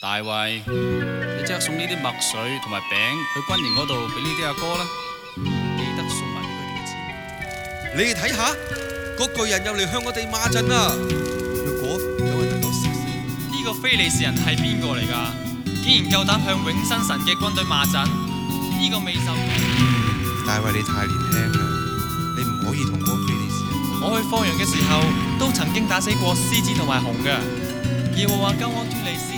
大衛，你即刻送呢啲墨水同埋餅去軍營嗰度俾呢啲阿哥啦，記得送埋俾佢哋。你哋睇下，個巨人又嚟向我哋罵陣啦！如果有人能夠，呢個非利士人係邊個嚟噶？竟然夠膽向永生神嘅軍隊罵陣，呢個未受過。大衛，你太年輕啦，你唔可以同嗰個非利士人。我去放羊嘅時候，都曾經打死過獅子同埋熊嘅。耶和華救我脫離。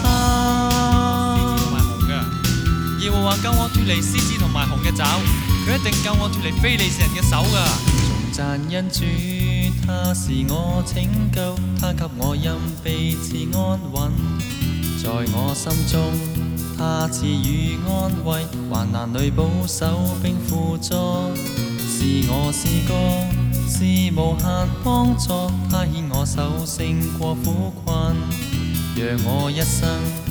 唔會話救我脫離獅子同埋熊嘅爪，佢一定救我脫離非利士人嘅手噶。頌讚恩主，他是我拯救，他給我蔭庇賜安穩，在我心中，他賜予安慰，患難裏保守並扶助，是我詩歌是無限幫助，他牽我手勝過苦困，讓我一生。